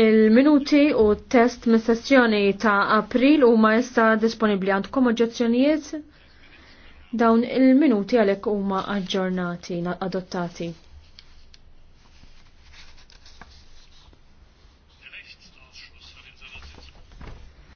Il-minuti u test mis sessjoni ta' april u ma' jista disponibli għandkom oġġezzjonijiet dawn il-minuti għalek huma aġġornati adottati.